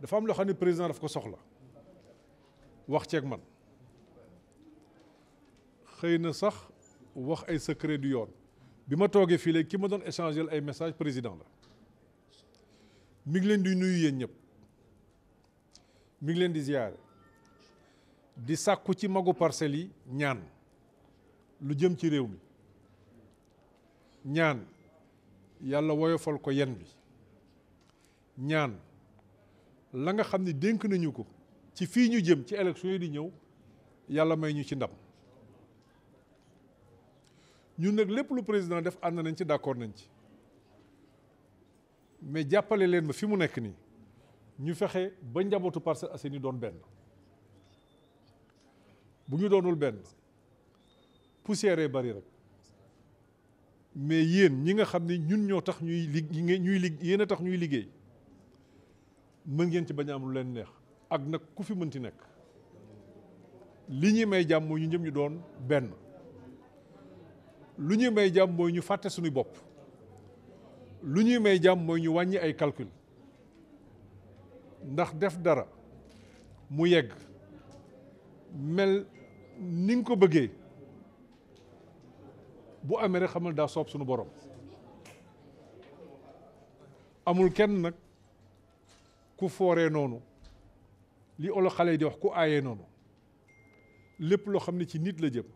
dafa am loo xam ne président dafa ko soxla wax ceeg man xëy na sax wax ay secret du yoon bi ma toogee fii léegi ki ma doon échanger ay message président la mi ngi leen di nuyu yéen ñëpp mi ngi leen di ziyaare di sàkku ci magu parcelles yi ñaan lu jëm ci réew mi ñaan yàlla woyofal ko yenn bi ñaan la nga xam ni dénk nañu ko ci fii ñu jëm ci élection yi di ñëw yàlla may ñu ci ndam ñun nag lépp lu président def ànd nañ ci d'accord nañ ci mais jàppale leen ma fi mu nekk nii ñu fexe ba njabootu parce Parcelles yi doon benn bu ñu doonul benn poussière bari rek mais yéen ñi nga xam ni ñun ñoo tax ñuy lig ñuy lig yéen a tax ñuy liggéey mën ngeen ci bañ a am lu leen neex ak nag ku fi mën mënti nekk li ñuy may jàmm mooy ñu ñëpp ñu doon benn lu ñuy may jàmm mooy ñu fàtte suñuy bopp lu ñuy may jàmm mooy ñu wàññi ay calcul ndax def dara mu yegg mel ni ko bëggee bu amee rek xamal daa soob suñu borom amul kenn nag ku fooree noonu li olo xale yi di wax ku aayee noonu lépp loo xam ne ci nit la jëm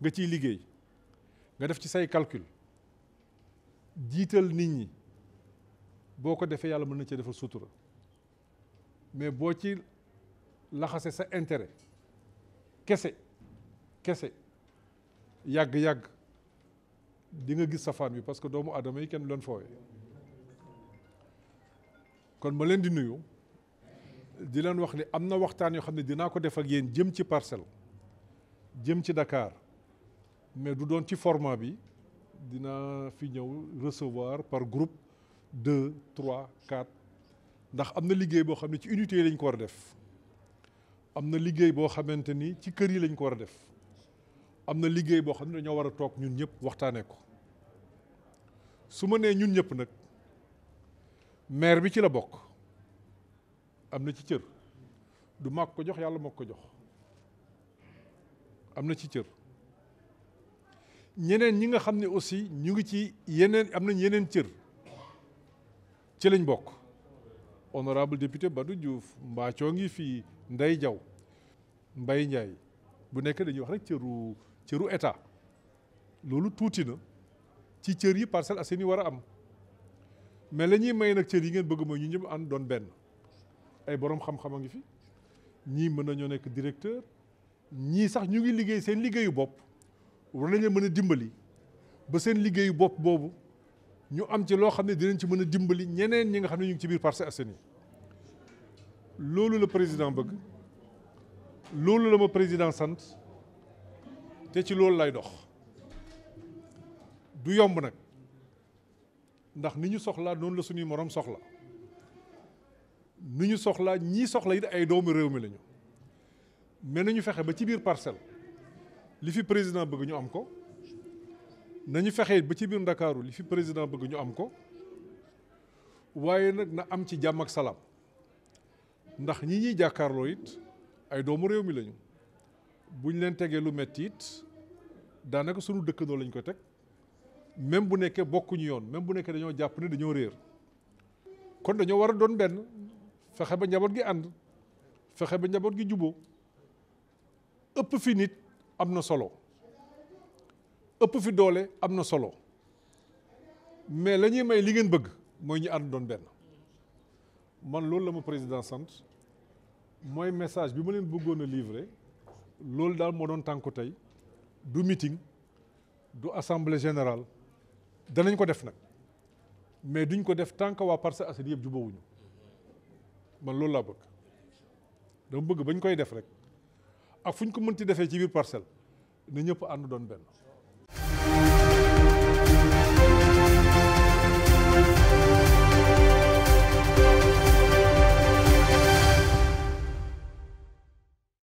nga ciy liggéey nga def ci say calcul jiital nit ñi boo ko defee yàlla mën na cee defal sutura mais boo ci laxase sa intérêt kese kese yàgg-yàgg di nga gis fan bi parce que doomu adama yi kenn du leen kon ma leen di nuyu di leen wax ni am na waxtaan yoo xam ne dinaa ko def ak yéen jëm ci parcelle jëm ci Dakar mais du doon ci format bi dina fi ñëw recevoir par groupe deux trois quatre ndax am na liggéey boo xam ne ci unité yi lañ ko war a def am na liggéey boo xamante ni ci kër yi lañ ko war a def am na liggéey boo xam ne dañoo war a toog ñun ñëpp waxtaanee ko su ma nee ñun ñëpp nag. maire bi ci la bokk am na ci cër du mag ko jox yàlla moo ko jox am na ci cër ñeneen ñi nga xam ne aussi ñu ngi ci yeneen am nañ yeneen cër ci lañ bokk honorable député Badou Diouf mbaacoo ngi fii Ndeye Diaw Mbaye Ndiaye bu nekk dañuy wax rek cëru cëru état loolu tuuti na ci cër yi Parcelles Assainies war a am mais la ñuy may nag cër yi ngeen bëgg mooy ñu ñëpp ànd doon benn ay boroom xam-xam a ngi fi ñii mën nañoo nekk directeur ñii sax ñu ngi liggéey seen liggéeyu bopp war nañu mën a dimbali ba seen liggéeyu bopp boobu ñu am ci loo xam ne dinañ ci mën a dimbali ñeneen ñi nga xam ne ñu ngi ci biir Parcelles Assainies loolu la président bëgg loolu la ma président sant te ci loolu lay dox du yomb nag. ndax ni ñu soxlaa noonu la suñuy morom soxla ni ñu soxlaa ñii soxla it ay doomu réew mi lañu mais nañu fexe ba ci biir parcelle li fi président bëgg ñu am ko nañu fexe ba ci biir ndakaaru li fi président bëgg ñu am ko waaye nag na am ci jàmm ak salaam ndax ñi ñuy jàkkaarloo it ay doomu réew mi lañu buñ leen tegee lu metti it daanaka suñu dëkkandoo lañ ko teg même bu beaucoup ñu yoon même bu nekkee dañoo jàpp ne dañoo réer kon dañoo war a doon benn fexe ba njaboot gi ànd fexe ba njaboot gi solo ëpp fi solo mais la ñuy may li ngeen bëgg mooy ñu ànd doon man loolu la président sant message leen livrer du meeting du assemblée générale danañ ko def nag mais duñ ko def tant que waa Parcelles Assainies yëpp jubóowuñu man loolu laa bëgg dama bëgg bañ koy def rek ak fu ñu ko mënti defee ci biir parcelle na ñëpp ànd doon benn